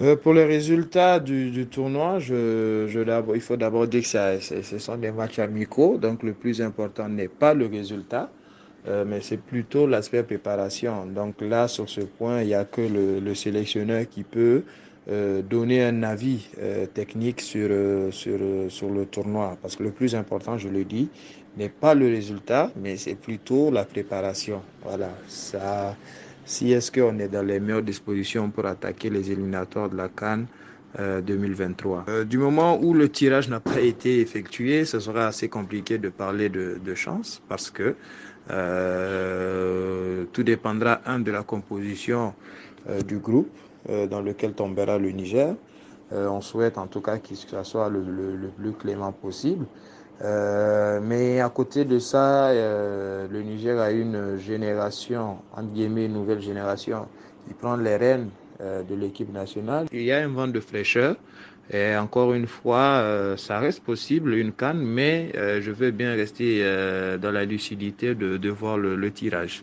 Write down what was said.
Euh, pour les résultats du, tournoi, il faut d'abord dire que ce sont des matchs amicaux, donc le plus important n'est pas le résultat, euh, mais c'est plutôt l'aspect préparation. Donc là, sur ce point, il n'y a que le, sélectionneur qui peut euh, donner un avis technique sur, sur le tournoi. Parce que le plus important, je le dis, n'est pas le résultat, mais c'est plutôt la préparation. Voilà, ça, si est-ce qu'on est dans les meilleures dispositions pour attaquer les éliminatoires de la Cannes 2023. Euh, euh, du moment où le tirage n'a pas été effectué, ce sera assez compliqué de parler de, chance parce que euh, tout dépendra, un, de la composition du groupe dans lequel tombera le Niger. on souhaite en tout cas que ce soit le plus clément possible. mais à côté de ça, à une génération, entre guillemets, nouvelle génération, qui prend les rênes euh, de l'équipe nationale. Il y a un vent de fraîcheur. Et encore une fois, euh, ça reste possible, une canne, mais euh, je veux bien rester dans la lucidité de, voir le tirage.